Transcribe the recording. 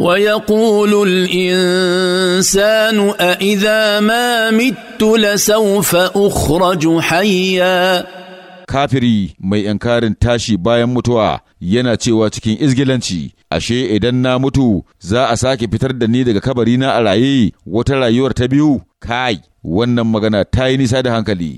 ويقول الانسان أإذا ما مت لسوف أخرج حيا kafiri mai yankarin tashi bayan mutuwa yana cewa cikin izgilanci ashe idan na mutu za a sake fitar da ni daga kabari na a raye wata rayuwar ta biyu kai wannan magana ta yi nisa da hankali